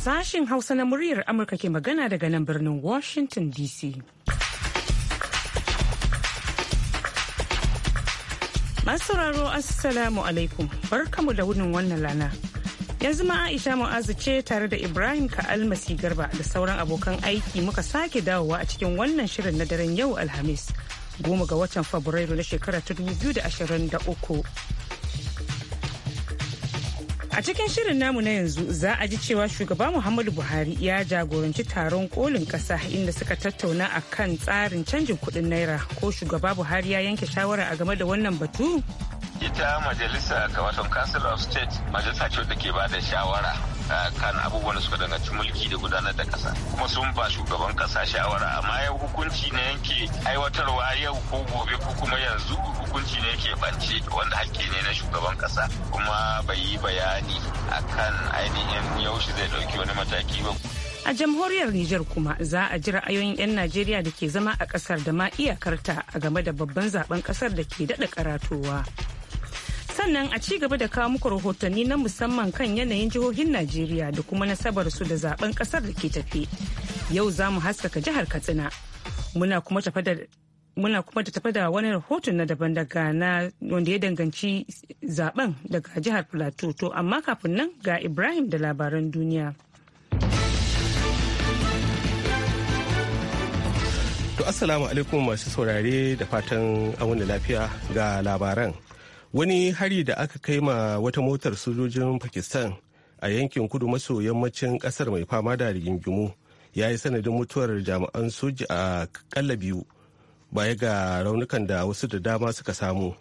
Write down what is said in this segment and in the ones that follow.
Sashin Hausa na muryar Amurka ke magana daga nan birnin Washington DC. Masu Assalamu alaikum barkamu da wunin wannan lana. Yanzu ma Aisha Mu'azu ce tare da Ibrahim Ka'almasi Garba da sauran abokan aiki muka sake dawowa a cikin wannan shirin na daren yau Alhamis. Goma ga watan Fabrairu na shekara ta 2023. A cikin shirin namu na yanzu za a ji cewa shugaba Muhammadu Buhari ya jagoranci taron kolin kasa inda suka tattauna a kan tsarin canjin kuɗin naira ko shugaba Buhari ya yanke shawara a game da wannan batu? Ita majalisa ga watan Council of State majalisa ce da ke ba da shawara kan abubuwan da suka danganci mulki da gudanar da kasa kuma sun ba shugaban kasa shawara amma yau hukunci na yanke aiwatarwa yau ko gobe ko kuma yanzu hukunci ne yake ɓance wanda hakki ne na shugaban ƙasa kuma bai yi bayani akan ainihin yaushe zai ɗauki wani mataki ba. A jamhuriyar Nijar kuma za a ji ra'ayoyin 'yan Najeriya da ke zama a ƙasar da ma iyakarta a game da babban zaben ƙasar da ke daɗa karatowa. sannan a ci gaba da kawo muku rahotanni na musamman kan yanayin jihohin Najeriya da kuma nasabar su da zaben kasar da ke tafe. Yau za mu haskaka jihar Katsina. Muna kuma tafa da muna kuma da tafi da wani rahoton na daban daga na wanda ya danganci zaben daga jihar plateau to amma kafin nan ga ibrahim da labaran duniya to assalamu alaikum masu saurare da fatan wani lafiya ga labaran wani hari da aka kai ma wata motar sojojin pakistan a yankin kudu maso yammacin kasar mai fama da rigingimu ya yi sanadin mutuwar jami'an soji a kalla biyu baya ga raunukan da wasu da dama suka samu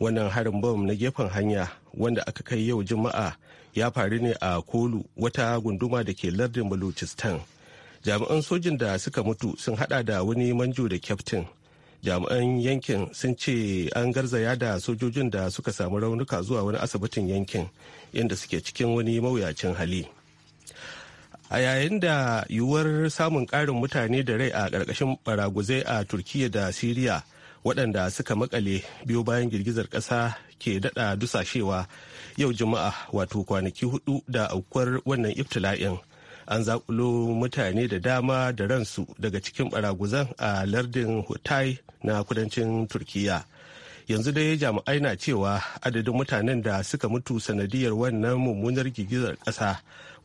wannan harin bom na gefen hanya wanda aka kai yau juma'a ya faru ne a kolu wata gunduma da ke lardin baluchistan jami'an sojin da suka mutu sun hada da wani manjo da kyaftin jami'an yankin sun ce an garzaya da sojojin da suka samu raunuka zuwa wani asibitin yankin inda suke cikin wani mawuyacin hali a yayin da yiwuwar samun ƙarin mutane da rai a ƙarƙashin baraguzai a turkiya da siriya waɗanda suka makale biyu bayan girgizar ƙasa ke daɗa dusashewa yau juma'a wato kwanaki hudu da aukuwar wannan iftila'in an zaƙulo mutane da dama da ransu daga cikin baraguzan a lardin hutai na kudancin turkiya yanzu dai jami'ai na cewa adadin mutanen da suka mutu sanadiyar wannan mummunar girgizar ƙasa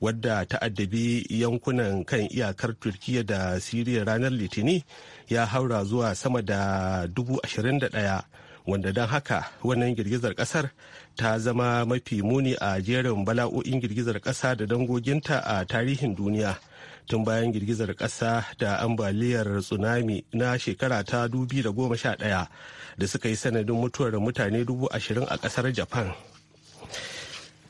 wadda ta addabi yankunan kan iyakar turkiya da siriya ranar litini ya haura zuwa sama da dubu ashirin da ɗaya wanda don haka wannan girgizar ƙasar ta zama mafi muni a jerin bala'o'in girgizar ƙasa da dangoginta a tarihin duniya tun bayan girgizar ƙasa da ambaliyar tsunami na shekara ta 2011 da suka yi sanadin mutuwar mutane dubu ashirin a kasar japan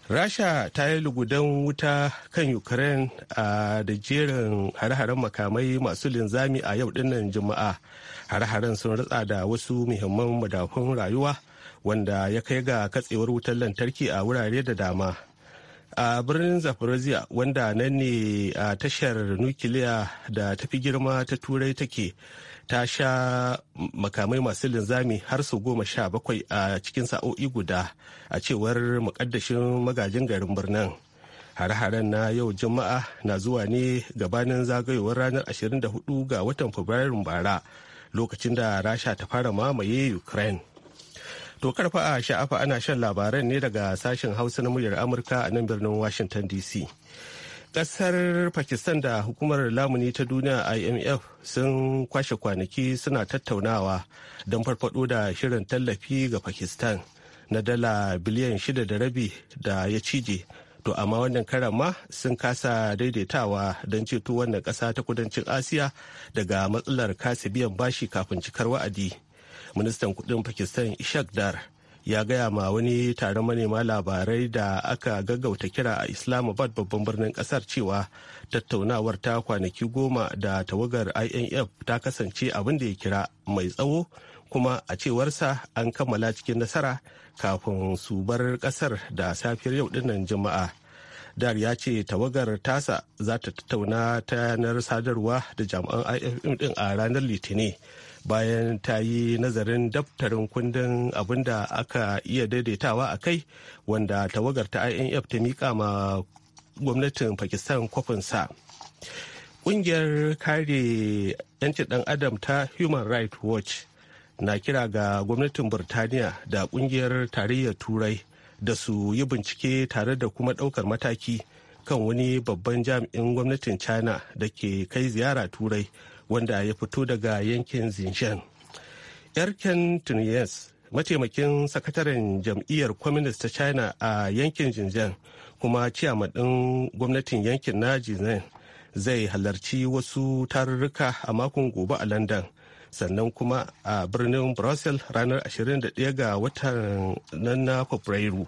rasha ta yi lugudan wuta kan ukraine a da jerin hare-haren makamai masu linzami a yau dinnan juma'a hare-haren sun ratsa da wasu muhimman madafun rayuwa wanda ya kai ga katsewar wutar lantarki a wurare da dama a birnin zaporozhia wanda nan ne a tashar nukiliya da tafi girma ta turai take ta sha makamai masu linzami har su goma sha bakwai a cikin sa'o'i guda a cewar mukaddashin magajin garin birnin hare-haren na yau juma'a na zuwa ne gabanin zagayowar ranar 24 ga watan fabrairun bara lokacin da rasha ta fara mamaye ukraine To karfa a sha'afa ana shan labaran ne daga sashen Hausa na muryar Amurka a nan birnin Washington DC. Kasar Pakistan da hukumar lamuni ta duniya IMF sun kwashe kwanaki suna tattaunawa don farfado da shirin tallafi ga Pakistan na dala biliyan shida da rabi da ya cije. To amma wannan karan ma sun kasa daidaitawa don ceto wannan ƙasa ta kudancin Asiya daga matsalar kasa biyan bashi kafin cikar wa'adi. ministan kudin pakistan ishak dar ya gaya ma wani taron manema labarai da aka gaggauta kira a islamabad babban birnin kasar cewa tattaunawar ta kwanaki goma da tawagar inf ta kasance abin da ya kira mai tsawo kuma a cewarsa an kammala cikin nasara kafin su bar kasar da safiyar yau dinnan jama'a dar ya ce tawagar tasa za ta tattauna ta yanar sadarwa da jami'an ifm din a ranar litinin bayan ta yi nazarin daftarin kundin abin da aka iya daidaitawa a kai wanda tawagar ta inf ta mika ma gwamnatin pakistan kwafinsa ƙungiyar kare 'yancin ɗan adam ta human rights watch na kira ga gwamnatin burtaniya da ƙungiyar tarayyar turai da su yi bincike tare da kuma ɗaukar mataki kan wani babban jami'in gwamnatin china da ke kai ziyara turai wanda ya fito daga yankin Xinjiang. Erken tunis mataimakin sakataren jam'iyyar Communist ta China a yankin Xinjiang kuma ciyamadin gwamnatin yankin na Xinjiang zai halarci wasu tarurruka a makon gobe a London sannan kuma a birnin brussels ranar 21 ga watan na fabrairu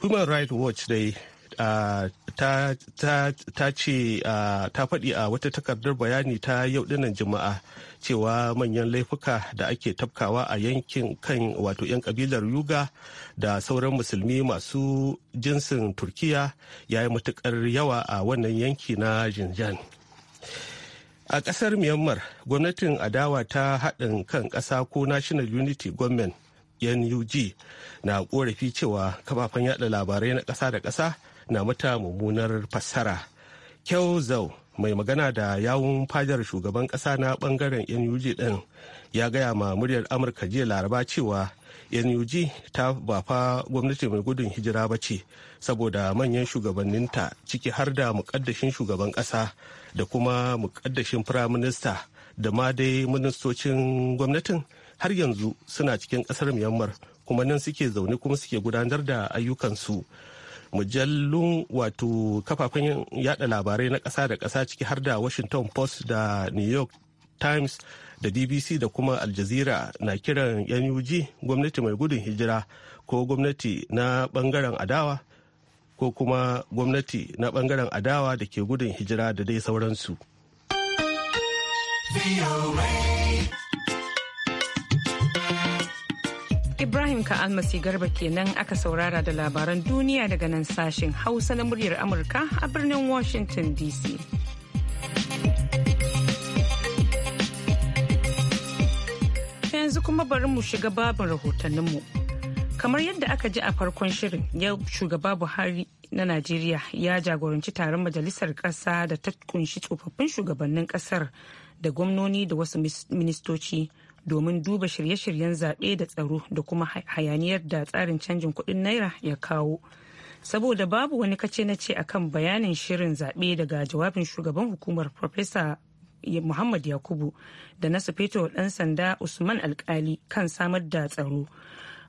human rights watch dai ta ce ta faɗi a wata takardar bayani ta yau dinan juma'a cewa manyan laifuka da ake tafkawa a yankin kan wato 'yan kabilar yuga da sauran musulmi masu jinsin turkiya ya yi matukar yawa a wannan yanki na jinjan a ƙasar myanmar gwamnatin adawa ta haɗin kan ƙasa ko national unity government nug na ƙorafi cewa kafafen yaɗa labarai na ƙasa da ƙasa na mata mummunar fassara kyau zau mai magana da yawun fadar shugaban ƙasa na ɓangaren nug ɗin ya gaya ma muryar amurka jiya laraba cewa nug ta ba fa gwamnati mai gudun hijira ba ce saboda manyan shugabanninta ciki har da mukaddashin shugaban ƙasa da kuma mukaddashin firaminista da ma dai ministocin gwamnatin har yanzu suna cikin ƙasar myanmar kuma nan suke zaune kuma suke gudanar da ayyukansu mujallun wato kafafen yada labarai na ƙasa da ƙasa ciki har da washington post da new york times da bbc da kuma aljazira na kiran nug gwamnati mai gudun hijira ko gwamnati na bangaren adawa ko kuma gwamnati na bangaren adawa da ke gudun hijira da dai sauransu Ibrahim Ka'almasi Garba kenan aka saurara da labaran duniya daga nan sashen Hausa na muryar Amurka a birnin Washington DC. yanzu kuma bari mu shiga babin rahotanninmu. Kamar yadda aka ji a farkon shirin yau shugaba Buhari na Najeriya ya jagoranci taron majalisar ƙasa da ta kunshi tsofaffin shugabannin ƙasar da gwamnoni da wasu ministoci domin duba shirye-shiryen zaɓe da tsaro da kuma hayaniyar da tsarin canjin kuɗin naira ya kawo. saboda babu wani kace na ce akan bayanin shirin zaɓe daga jawabin shugaban hukumar Profesa muhammad yakubu da na sufeto ɗan sanda usman alkali kan samar da tsaro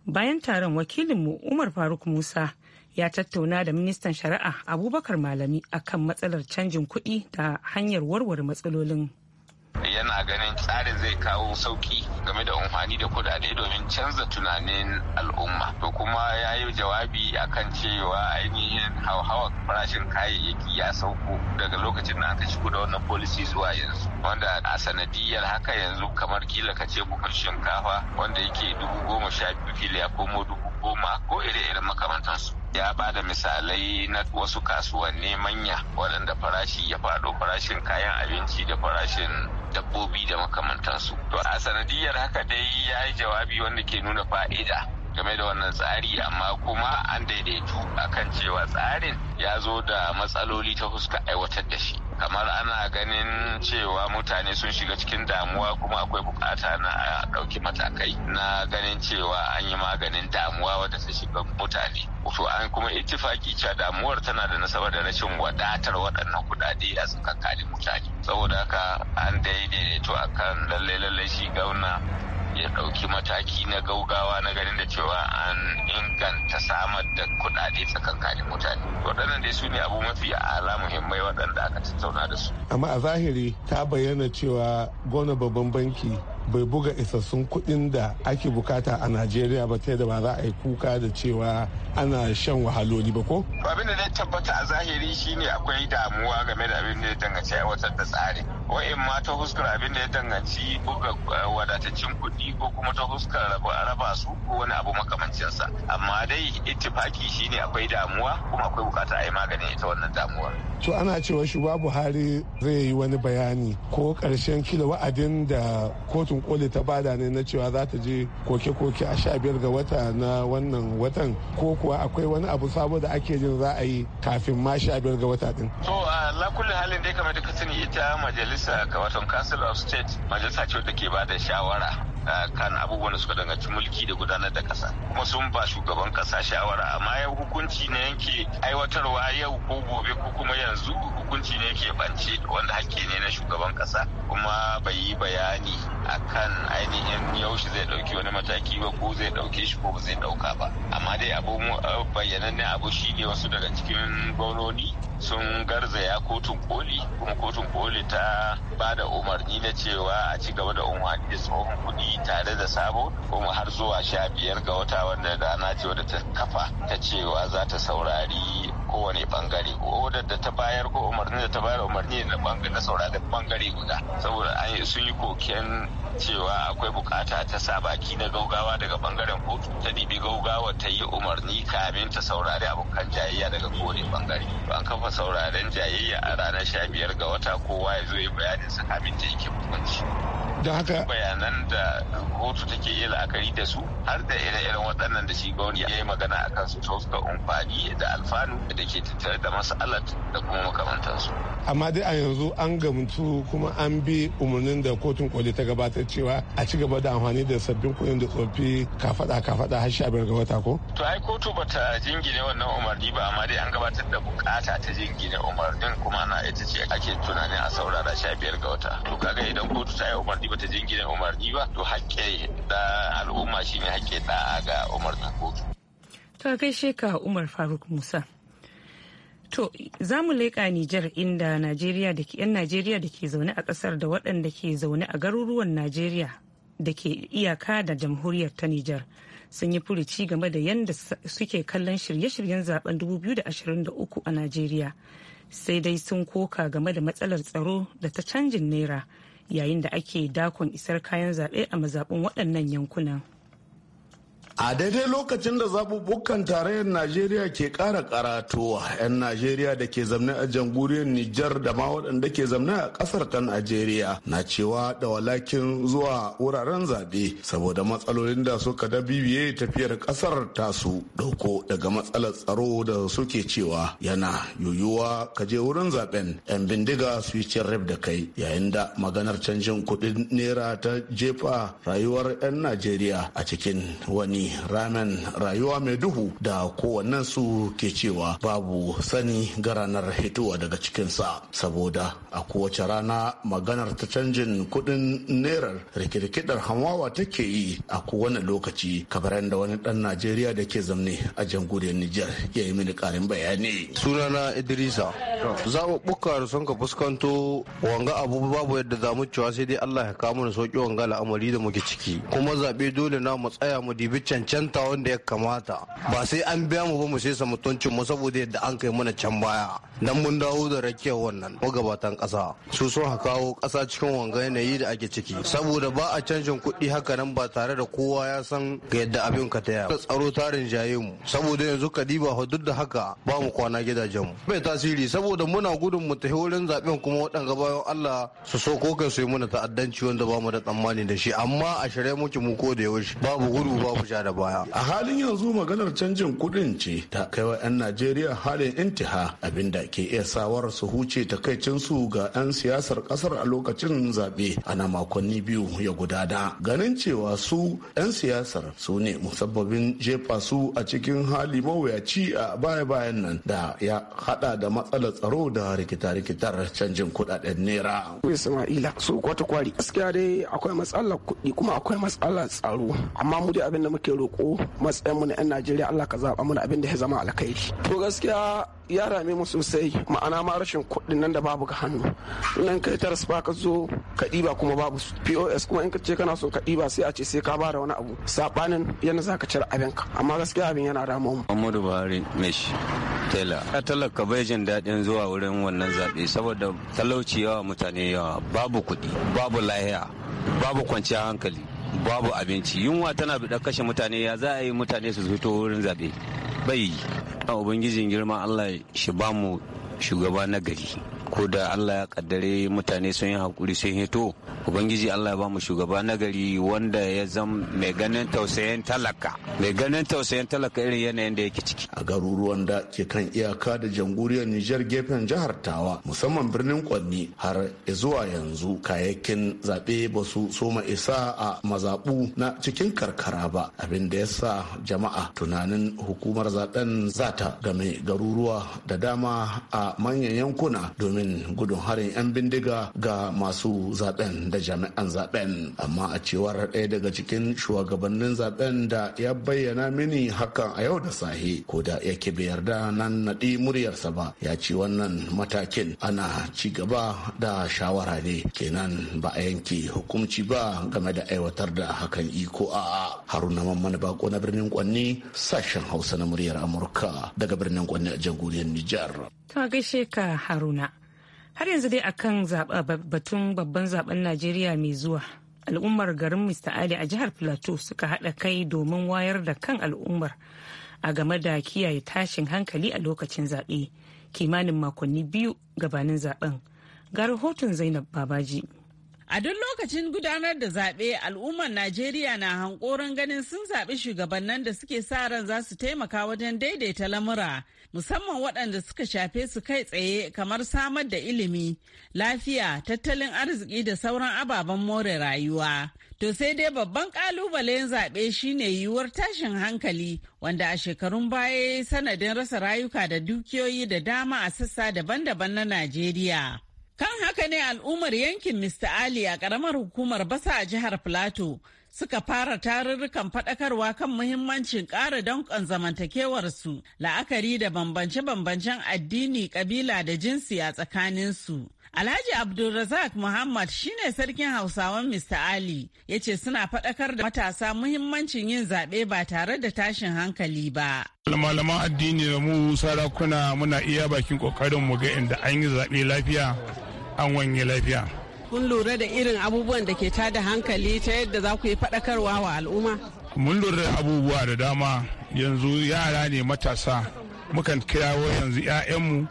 bayan taron wakilinmu umar faruk musa ya tattauna da ministan shari'a abubakar malami akan matsalar canjin kuɗi da hanyar warware matsalolin yana ganin tsarin zai kawo sauki game da amfani da kudade domin canza tunanin al'umma to kuma ya yi jawabi akan cewa ainihin hauhawa farashin kayayyaki ya sauko daga lokacin da aka shigo da wannan policy zuwa yanzu wanda a sanadiyar haka yanzu kamar kila ka ce shinkafa wanda yake dubu goma sha biyu ya komo dubu goma ko ire-iren makamantansu ya ba da misalai na wasu kasuwanni manya waɗanda farashi ya faɗo farashin kayan abinci da farashin dabbobi da makamantansu to a sanadiyar haka dai ya yi jawabi wanda ke nuna fa'ida game da wannan tsari amma kuma an daidaitu akan cewa tsarin ya zo da matsaloli ta fuska aiwatar da shi kamar ana ganin cewa mutane sun shiga cikin damuwa kuma akwai bukata na a ɗauki matakai na ganin cewa an yi maganin damuwa wadda ta shiga mutane to an kuma ittifaki cewa damuwar tana da nasaba da rashin wadatar waɗannan kuɗaɗe a tsakankanin mutane saboda haka an daidaito akan lallai lallai shi gauna ya ɗauki mataki na gaugawa na ganin da cewa an inganta samar da kuɗaɗe tsakankanin mutane waɗannan dai su ne abu mafi ala muhimmai waɗanda aka tattauna da su amma a zahiri ta bayyana cewa gona babban banki bai buga isassun kuɗin da ake bukata a najeriya ba ta da ba za a yi kuka da cewa ana shan wahaloli ba ko abin da zai tabbata a zahiri shine akwai damuwa game da abin da ya danganci aiwatar da tsari wa'in ma ta huskar abin da ya danganci buga eh, wadataccen kuɗi ko kuma ta huskar raba su ko wani abu makamancinsa amma dai ittifaki shine akwai damuwa kuma akwai bukatar a yi maganin ita wannan damuwa. to ana cewa shugaba hari zai yi wani bayani ko karshen kila wa'adin da kotun koli ta bada ne na cewa za ta je koke-koke a sha biyar ga wata na wannan watan ko kuwa akwai wani abu sabo da ake jin za a yi kafin ma sha biyar ga wata din. to a lakulli halin dai kamar da ka sani ita majalis majalisa ga watan council of state majalisa ce wadda ke ba da shawara kan abubuwan da suka danganci mulki da gudanar da kasa kuma sun ba shugaban kasa shawara amma ya hukunci ne yanke aiwatarwa yau ko gobe ko kuma yanzu hukunci ne yake bance wanda hakki ne na shugaban kasa kuma bai yi bayani akan ainihin yaushe zai ɗauki wani mataki ba ko zai dauke shi ko ba zai ɗauka ba amma dai abu bayyanannen abu shi ne wasu daga cikin gwamnoni sun garzaya kotun koli kuma kotun koli ta ba da umarni na cewa a ci gaba da umarni da tsohon kuɗi tare da sabo kuma har zuwa sha biyar ga wata wanda rana ce wadda ta kafa ta cewa za ta saurari kowane bangare odar da ta bayar ko umarni da ta bayar umarni na bangare saura da bangare guda saboda an sun yi koken cewa akwai bukata ta sa baki na gaugawa daga bangaren kotu ta dibi gaugawa ta yi umarni kamin ta saurari abokan jayayya daga kowane bangare an kafa sauraren jayayya a ranar sha biyar ga wata kowa ya zo ya bayanin sa kamin ta yake hukunci da haka Nan da kotu take iya la'akari da su har da ire-iren waɗannan da shi gwamnati ya yi magana a kansu ta wasu umfani da alfanu da ke tattare da masalat da kuma makamantansu. amma dai a yanzu an gamtu kuma an bi umarnin da kotun koli ta gabatar cewa a ci gaba da amfani da sabbin kuɗin da tsofi kafaɗa kafaɗa har sha biyar ga wata ko. to ai kotu ba ta jingine wannan umarni ba amma dai an gabatar da bukata ta jingine umarnin kuma na ita ce ake tunanin a saurara sha biyar ga wata to kaga idan kotu ta yi umarni ta jingine umarni ba to hakke da al'umma shine hakke da ga umar kotu. ta kai sheka umar faruk musa To, za mu leƙa Nijar inda Najeriya da ke 'yan Najeriya da ke zaune a ƙasar da waɗanda ke zaune a garuruwan Najeriya da ke iyaka da jamhuriyar ta Nijar sun yi furuci game da yadda suke kallon shirye-shiryen zaben 2023 a Najeriya. Sai dai sun koka game da matsalar tsaro da ta canjin naira yayin da ake dakon isar kayan zaɓe a mazaɓin waɗannan yankunan. A daidai lokacin da zabubukan tarayyar Najeriya ke ƙara karatowa 'yan Najeriya da ke zamne a jamhuriyar Nijar da ma waɗanda ke zamne a ƙasar ta Najeriya na cewa da walakin zuwa wuraren zaɓe saboda matsalolin da suka da bibiye tafiyar ƙasar su dauko daga matsalar tsaro da suke cewa yana yoyuwa ka je wurin zaɓen 'yan bindiga su yi cin da kai yayin da maganar canjin kuɗin naira ta jefa rayuwar 'yan Najeriya a cikin wani ramen rayuwa mai duhu da kowannen su ke cewa babu sani ga ranar hituwa daga cikinsa saboda a kowace rana maganar ta canjin kudin nerar rikirkidar hamawa take yi a kowane lokaci kamar da wani dan najeriya da ke zamne a jamhuriyar nijar ya yi mini karin bayani sunana idrisa da son ka fuskanto wanga abu babu yadda za mu cewa sai dai allah ya kawo mana sauki wanga al'amari da muke ciki kuma zaɓe dole na mu tsaya mu dibi cancanta wanda ya kamata ba sai an biya mu ba mu sai mutuncin mu saboda yadda an kai mana can baya dan mun dawo da rakiyar wannan magabatan kasa su sun kawo kasa cikin wanga yanayi da ake ciki saboda ba a canjin kuɗi haka nan ba tare da kowa ya san ga yadda abin ka ta yaya tsaro tarin jaye mu saboda yanzu kadiba fa duk da haka ba mu kwana gidajen mu bai tasiri saboda muna gudun mu tafi wurin zaben kuma waɗanga bayan Allah su so ko kai su yi mana ta'addanci wanda ba mu da tsammani da shi amma a shirye muke mu ko da yaushe babu gudu babu jana da baya a halin yanzu maganar canjin kuɗin ce ta kai wa 'yan najeriya halin intiha abinda ke iya sawar su huce takaicinsu ga 'yan siyasar kasar a lokacin zaɓe ana makonni biyu ya gudana ganin cewa su 'yan siyasar su ne musabbabin jefa su a cikin hali mawuyaci a baya-bayan nan da ya hada da matsalar tsaro da rikita-rikitar canjin kudaden naira. Isma'ila su kwata kwari gaskiya dai akwai matsalar kuɗi kuma akwai matsalar tsaro amma mu dai abin da muke roƙo matsayin mu na 'yan Najeriya Allah ka zaɓa mana abin da ya zama alkhairi. To gaskiya ya rame mu sosai ma'ana ma rashin kuɗin nan da babu ga hannu nan kai ta rasu ka zo ka ɗiba kuma babu pos kuma in ka ce kana son ka ɗiba sai a ce sai ka bada wani abu saɓanin yana za ka cire abinka amma gaskiya abin yana rama mu. Muhammadu Buhari Mesh Tela. Ya talaka bai jin daɗin zuwa wurin wannan zaɓe saboda talauci yawa mutane yawa babu kuɗi babu lahiya babu kwanciyar hankali babu abinci yunwa tana da kashe mutane ya za a yi mutane su fito wurin zaɓe bai ubangijin girma allah shi ba mu shugaba na gari ko da Allah ya kaddare mutane sun yi hakuri sun hito ubangiji Allah ya ba mu shugaba nagari wanda ya zam mai ganin tausayin talaka mai ganin tausayin talaka irin yanayin da yake ciki a garuruwan da ke kan iyaka da jamhuriyar Nijar gefen jihar Tawa musamman birnin Kwanni har zuwa yanzu kayayyakin zaɓe ba su soma isa a mazaɓu na cikin karkara ba abin da ya sa jama'a tunanin hukumar zaben zata ta game garuruwa da dama a manyan yankuna domin domin gudun harin 'yan bindiga ga masu zaben da jami'an zaben amma a cewar ɗaya daga cikin shugabannin zaben da ya bayyana mini hakan a yau da sahi ko da yake bai yarda nan naɗi muryarsa ba ya ci wannan matakin ana ci gaba da shawara ne kenan ba a yanke hukunci ba game da aiwatar da hakan iko a haruna mamman bako na birnin kwanni sashen hausa na muryar amurka daga birnin kwanni a jamhuriyar nijar ka gaishe ka haruna har yanzu dai akan batun babban zaben najeriya mai zuwa al'ummar garin mr ali a jihar plateau suka haɗa kai domin wayar da kan al'ummar a game da kiyaye tashin hankali a lokacin zaɓe kimanin makonni biyu gabanin zaben ga rahoton zainab babaji A duk lokacin gudanar da zaɓe al'ummar Najeriya na hankoron ganin sun zaɓi shugabannin da suke sa ran za su taimaka wajen daidaita lamura, musamman waɗanda suka shafe su kai tsaye kamar samar da ilimi, lafiya, tattalin arziki da sauran ababen more rayuwa. To sai dai babban ƙalubalen zaɓe shine yiwuwar tashin hankali wanda a shekarun baya sanadin rasa rayuka da dukiyoyi da dama a sassa daban-daban na Najeriya. Kan haka ne al'ummar yankin Mr. Ali a ƙaramar hukumar basa a jihar Plateau suka fara tarurrukan faɗakarwa kan muhimmancin ƙara danƙon zamantakewarsu la'akari da bambance-bambancen addini, ƙabila da jinsi a tsakaninsu. Alhaji Abdulrazak Muhammad shine sarkin Hausawan Mr. Ali ya ce suna faɗakar da matasa muhimmancin yin zaɓe ba tare da tashin hankali ba. Malaman addini da mu sarakuna muna iya bakin ƙoƙarin mu ga inda an yi zaɓe lafiya an wanye lafiya kun lura da irin abubuwan da ke tada hankali ta yadda za ku yi faɗakarwa wa al'umma mun lura da abubuwa da dama yanzu yara ne matasa mukan kirawo yanzu 'ya'yanmu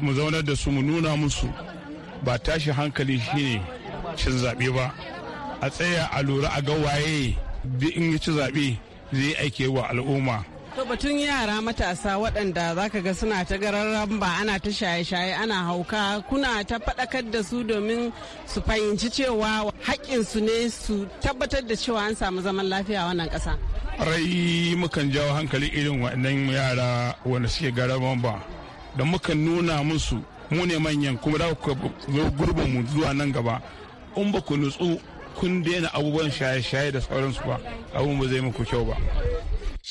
mu zaunar da su mu nuna musu ba tashi hankali shine cin zaɓe ba a tsaya a lura a ga waye in ci zaɓe zai aike wa al'umma To batun yara matasa waɗanda zaka ga suna ta gararan ba ana ta shaye-shaye ana hauka kuna ta faɗakar da su domin su fahimci cewa haƙƙinsu ne su tabbatar da cewa an samu zaman lafiya a wannan ƙasa. Rai mukan jawo hankali irin waɗannan yara wanda suke gararan ba da muka nuna musu mu ne manyan kuma da ku gurbin mu zuwa nan gaba in ba ku nutsu kun daina abubuwan shaye-shaye da sauransu ba abun ba zai muku kyau ba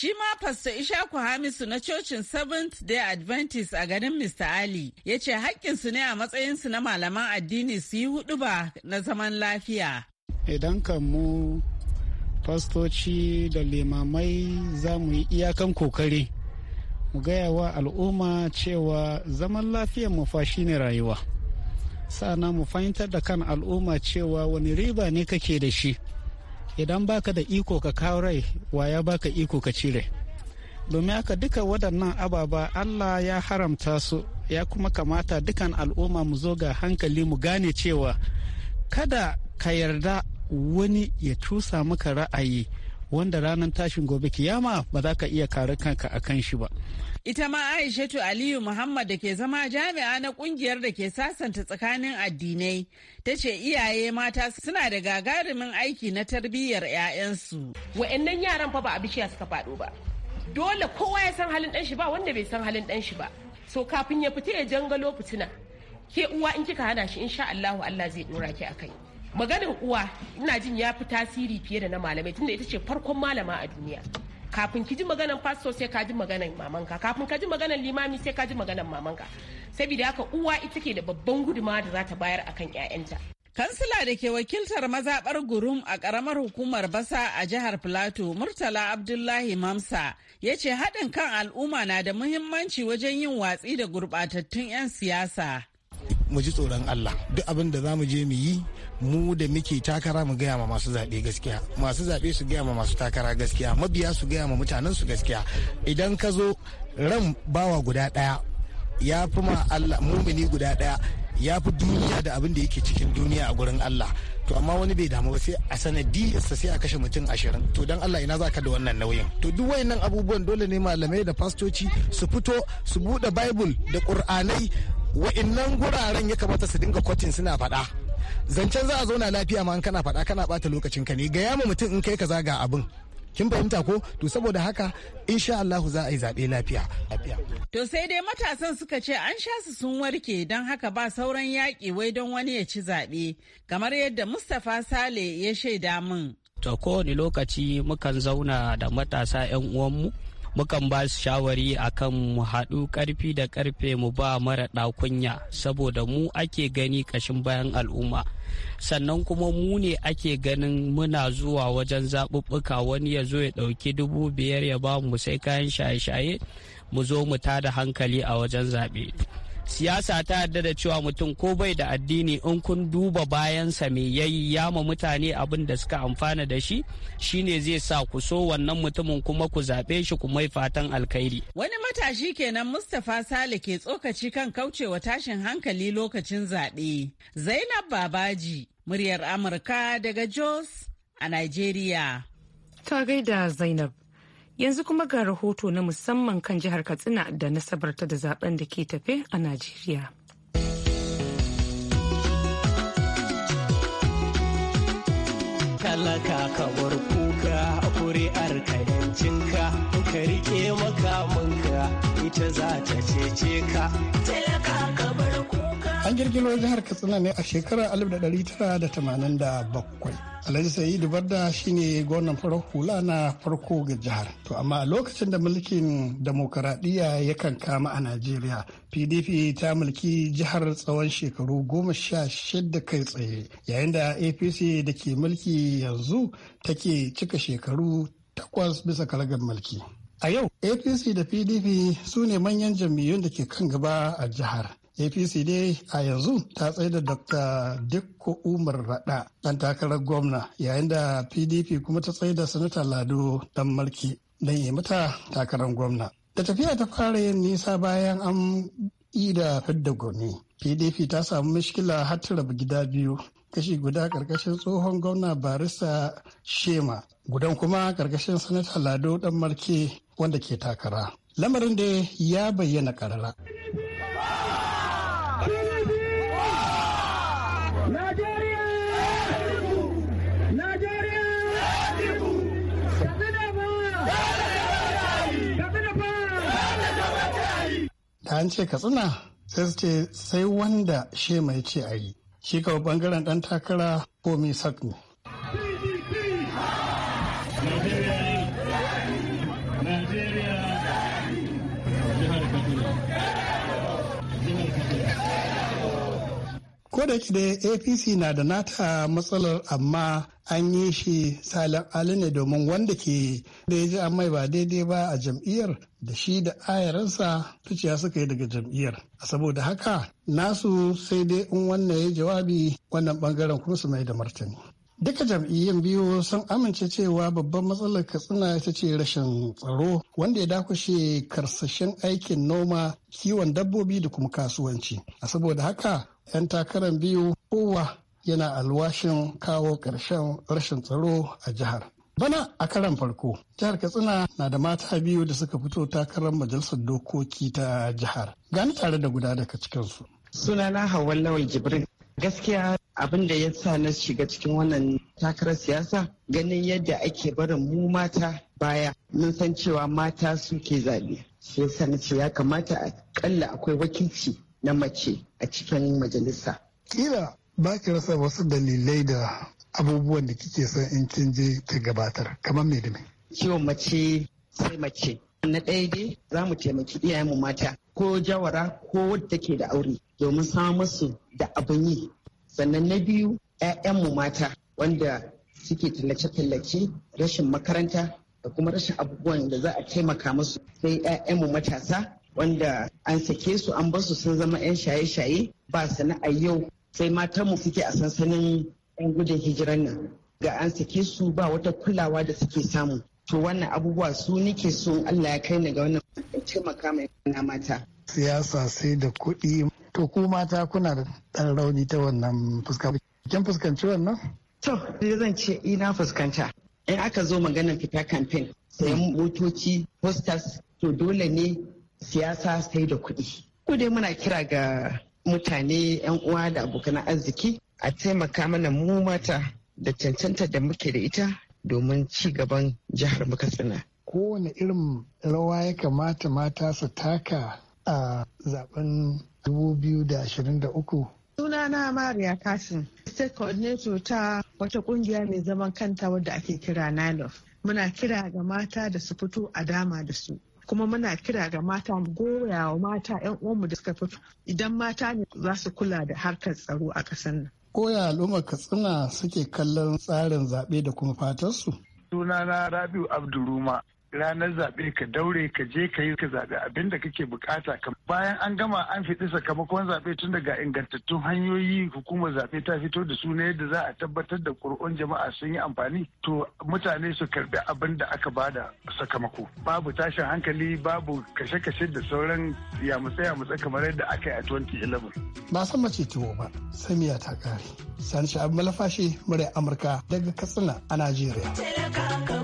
Shi ma Fasta Ishaku Hamisu na cocin Seventh Day Adventist a garin Mr. Ali ya ce su ne a matsayinsu na malaman addini su yi huɗuba na zaman lafiya. Idan kan mu fastoci da limamai za mu yi iyakan kokari mu gaya wa al'umma cewa zaman lafiyar mu fa ne rayuwa. Sa'ana mu fahimtar da kan al'umma cewa wani riba ne kake da shi. idan baka da iko ka kawo rai wa ya baka iko ka cire domin haka duka waɗannan ababa allah ya haramta su ya kuma kamata dukan al'umma mu zo ga hankali mu gane cewa kada ka yarda wani ya tusa maka ra'ayi wanda ranar tashin gobe kiyama ba za ka iya kare kanka a kan shi ba. Ita ma Aishatu Aliyu Muhammad da ke zama jami'a na kungiyar da ke sasanta tsakanin addinai ta ce iyaye mata suna da gagarumin aiki na tarbiyyar 'ya'yansu. Wa'annan yaran fa ba a bishiya suka faɗo ba. Dole kowa ya san halin ɗan shi ba wanda bai san halin ɗan shi ba. So kafin ya fita ya jangalo fitina. Ke uwa in kika hana shi insha Allahu Allah zai ɗora ki a kai. maganar uwa ina jin ya fi tasiri fiye da na malamai tunda ita ce farkon malama a duniya kafin ki ji maganar pastor sai ka ji maganar mamanka kafin ka ji maganar limami sai ka ji maganar mamanka saboda haka uwa ita ke da babban gudumawa da za ta bayar a kan 'ya'yanta Kansila da ke wakiltar mazaɓar gurum a ƙaramar hukumar basa a jihar Filato, Murtala Abdullahi Mamsa, ya ce haɗin kan al'umma na da muhimmanci wajen yin watsi da gurɓatattun 'yan siyasa. mu ji tsoron Allah duk abin da za je mu yi mu da muke takara mu gaya ma masu zaɓe gaskiya masu zaɓe su gaya ma masu takara gaskiya mabiya su gaya ma mutanen su gaskiya idan ka zo ran bawa guda ɗaya ya fi ma Allah mumini guda ɗaya ya fi duniya da abin da yake cikin duniya a gurin Allah to amma wani bai damu ba sai a sanadiyarsa sai a kashe mutum ashirin to don Allah ina za ka da wannan nauyin to duk wayannan abubuwan dole ne malamai da fastoci su fito su bude bible da qur'anai wa'innan guraren ya kamata su dinga kwatin suna faɗa zancen za a zauna lafiya ma kana faɗa kana bata lokacin ka ne gaya ma mutum in kai ka zaga abin kin fahimta ko to saboda haka insha Allahu za a yi zaɓe lafiya to sai dai matasan suka ce an sha su sun warke don haka ba sauran yaki wai don wani ya ci zaɓe kamar yadda Mustapha Sale ya shaida min to kowane lokaci mukan zauna da matasa 'yan uwanmu mukan ba su shawari akan mu haɗu karfi da karfe mu ba mara ɗakunya saboda mu ake gani ƙashin bayan al'umma sannan kuma mu ne ake ganin muna zuwa wajen zaɓuɓɓuka wani ya zo ya ɗauki dubu biyar ya ba mu sai kayan shaye-shaye mu zo mu tada hankali a wajen zaɓe. siyasa ta yarda da cewa mutum ko bai da addini in kun duba bayansa mai yayi yama mutane abin da suka amfana da shi shine zai sa ku so wannan mutumin kuma ku zaɓe shi ku mai fatan alkhairi wani matashi kenan mustapha sale ke tsokaci kan kaucewa tashin hankali lokacin zaɓe zainab babaji muryar amurka daga jos a nigeria ta gaida zainab Yanzu kuma ga rahoto na musamman kan jihar Katsina da nasabarta da zaben da ke tafe a Najeriya. Talaka ka bar kuka kuri'ar ka ka rike makamanka ita za ta cece ka. Talaka ka bar An girgiro jihar Katsina ne a shekarar 1987. Alhaji Sa'idu Barda shine gwamnan farar hula na farko ga jihar. To amma a lokacin da mulkin demokaradiyya ya kama a Najeriya, PDP ta mulki jihar tsawon shekaru goma sha shida kai tsaye, yayin da APC da ke mulki yanzu take cika shekaru takwas bisa kalagar mulki. A yau, APC da PDP su ne manyan jam'iyyun da ke kan gaba a jihar. apc dai a yanzu ta tsaida dr dikko umar rada dan takarar gwamna yayin da pdp kuma ta tsaida sanata lado dan marki don yi mata takarar gwamna da tafiya ta fara yin nisa bayan an da fidda gwamni, pdp ta samu mishkila har ta rabu gida biyu kashi guda karkashin tsohon gwamna barista shema gudan kuma karkashin sanata lado dan marke wanda ke takara lamarin da ya bayyana karara an ce katsina sai su ce sai wanda shi mai ce a yi shi kawai bangaren dan takara ko sak ne da yake da apc na da nata matsalar amma an yi shi salin ali ne domin wanda ke da ya ji an mai ba daidai ba a jam'iyyar da shi da ayaransa tuciya suka yi daga jam'iyyar a saboda haka nasu sai dai in wannan ya jawabi wannan bangaren kuma su mai da martani duka jam'iyyun biyu sun amince cewa babban matsalar katsina ita ce rashin tsaro wanda ya dakushe karsashen aikin noma kiwon dabbobi da kuma kasuwanci a saboda haka 'yan takarar biyu kowa yana alwashin kawo ƙarshen rashin tsaro a jihar. Bana a karan farko, jihar Katsina na da mata biyu da suka fito takarar majalisar dokoki ta jihar. Gani tare da guda daga cikinsu. Sunana hawan Lawal Jibrin. Gaskiya abin da ya sa na shiga cikin wannan takarar siyasa ganin yadda ake barin mu mata baya mun san cewa mata suke zaɓe. sai na ce ya kamata a akwai wakilci na mace a cikin majalisa. Kila ba ki rasa wasu dalilai da abubuwan da kike son in kin je gabatar kamar me da me. Ciwon mace sai mace. Na ɗaya dai za mu taimaki iyayenmu mata ko jawara ko wadda ke da aure domin samun musu da abin yi. Sannan na biyu Ya'yan mu mata wanda suke tallace-tallace rashin makaranta da kuma rashin abubuwan da za a taimaka musu sai ya'yan mu matasa wanda an sake su an basu sun zama 'yan shaye-shaye ba sana'a yau sai mata mu suke a sansanin 'yan gudun hijiran nan ga an sake su ba wata kulawa da suke samu to wannan abubuwa su nike so Allah ya kai ni ga wannan taimaka mai mata siyasa sai da kuɗi to ku mata kuna da ɗan rauni ta wannan fuska kin fuskanci wannan to da zan ce ina fuskanta in aka zo maganar fita kamfen sayan motoci posters to dole ne siyasa sai da kuɗi. Ku dai muna kira ga mutane 'yan uwa da abokan arziki a taimaka mana mu mata da cancanta da muke da ita domin ci gaban jihar Katsina. Kowane irin rawa ya kamata mata su taka a zaben 2023? Sunana Mariya Kasim, State Coordinator ta wata kungiya mai zaman kanta wadda ake kira NILOF. Muna kira ga mata da su fito a dama da su. kuma muna kira ga mata mu goya wa mata 'yan uwanmu da suka fito idan mata ne za su kula da harkar tsaro a ƙasar nan. Koya al'ummar Katsina suke kallon tsarin zaɓe da kuma fatarsu? Sunana Rabiu Abduruma ranar zaɓe ka daure ka je ka yi ka zaɓe abin da kake bukata bayan an gama an fiɗi sakamakon zaɓe tun daga ingantattun hanyoyi hukumar zaɓe ta fito da su ne yadda za a tabbatar da ƙuri'un jama'a sun yi amfani to mutane su karɓi abin da aka da sakamako babu tashin hankali babu kashe-kashe da sauran yamutse-yamutse kamar yadda aka yi a 2011. ba san mace tuwo ba samiya ta kare sani abu malafashi murai amurka daga katsina a najeriya.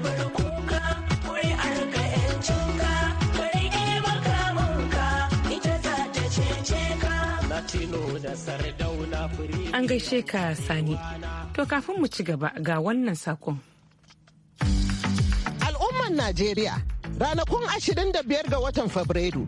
An gaishe ka Sani. To kafin mu ci gaba ga wannan sakon. al'ummar Najeriya ranakun 25 ga watan Fabrairu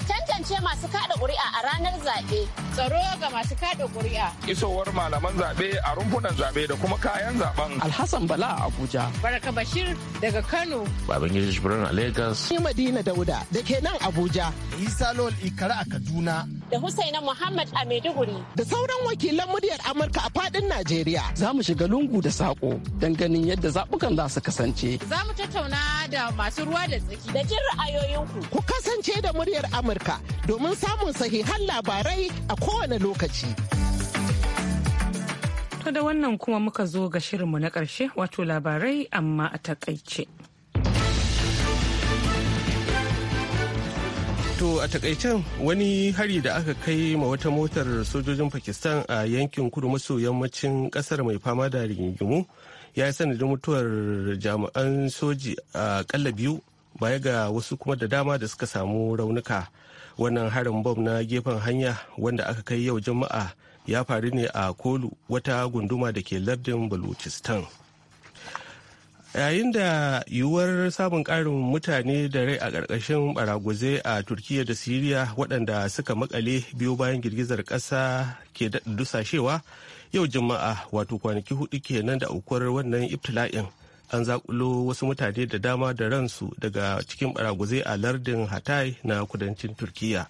kasance masu kada ƙuri'a a ranar zaɓe. Tsaro ga masu kada ƙuri'a. Isowar malaman zaɓe a rumfunan zaɓe da kuma kayan zaɓen. Alhassan Bala a Abuja. Baraka Bashir daga Kano. Babangida birnin a Lagos. Ni Madina Dauda da ke nan Abuja. Isa Lol Ikara a Kaduna. da Husaina Muhammad a Maiduguri. Da sauran wakilan muryar Amurka a fadin Najeriya. Za mu shiga lungu da saƙo don ganin yadda zaɓukan za su kasance. Za mu tattauna da masu ruwa da tsaki. Da jin ra'ayoyinku. Ku kasance da muryar Amurka domin samun sahihan labarai a kowane lokaci. Ta da wannan kuma muka zo ga shirinmu na ƙarshe wato labarai amma a takaice. To a takaicen wani hari da aka kai ma wata motar sojojin Pakistan a yankin kudu maso yammacin kasar mai fama da rigingimu ya yi sanadin mutuwar jami'an soji a kalla biyu baya ga wasu kuma da dama da suka samu raunuka. Wannan harin bom na gefen hanya wanda aka kai yau juma'a ya faru ne a Kolu wata gunduma da ke lardin Baluchistan. yayin da yiwuwar samun ƙarin mutane da rai a ƙarƙashin baraguze a turkiya da siriya waɗanda suka makale biyu bayan girgizar ƙasa ke daɗa dusashewa yau juma'a wato kwanaki hudu kenan da aukuwar wannan ibtila'in an zaƙulo wasu mutane da dama da ransu daga cikin baraguze a lardin hatay na kudancin turkiya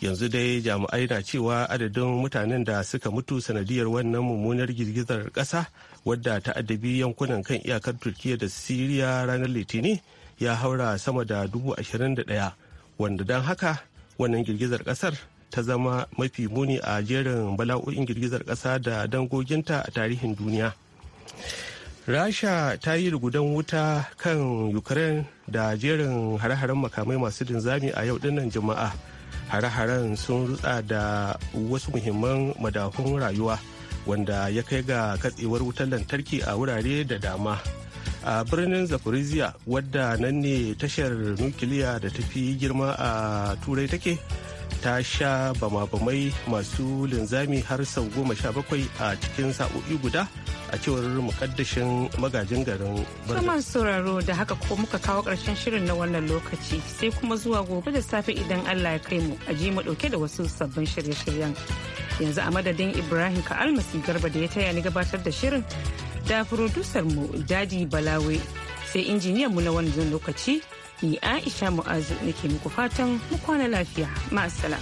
yanzu dai jami'ai na cewa adadin mutanen da suka mutu sanadiyar wannan mummunar girgizar ƙasa wadda ta adabi yankunan kan iyakar turkiya da siriya ranar litini ya haura sama da dubu ashirin da daya wanda don haka wannan girgizar kasar ta zama mafi muni a jerin bala'o'in girgizar kasa da dangoginta a tarihin duniya rasha ta yi rugudan wuta kan ukraine da jerin hare-haren makamai masu dinzami a yau dinnan jama'a hare-haren sun rutsa da wasu muhimman madafun rayuwa wanda ya kai ga katsewar wutar lantarki a wurare da dama a birnin zaporizhia wadda nan ne tashar nukiliya da tafi girma a turai take ta sha bama-bamai masu linzami har sau goma sha bakwai a cikin sa'o'i guda a cewar mukaddashin magajin garin Saman sauraro da haka ko muka kawo karshen shirin na wannan lokaci sai kuma zuwa gobe da safe idan Allah ya kai mu a ji mu ɗauke da wasu sabbin shirye-shiryen. Yanzu a madadin Ibrahim ka almasi garba da ya taya ni gabatar da shirin da mu Dadi Balawe sai injiniyan mu na wannan lokaci ni aisha mu'azu nake muku fatan mu kwana lafiya ma'asala.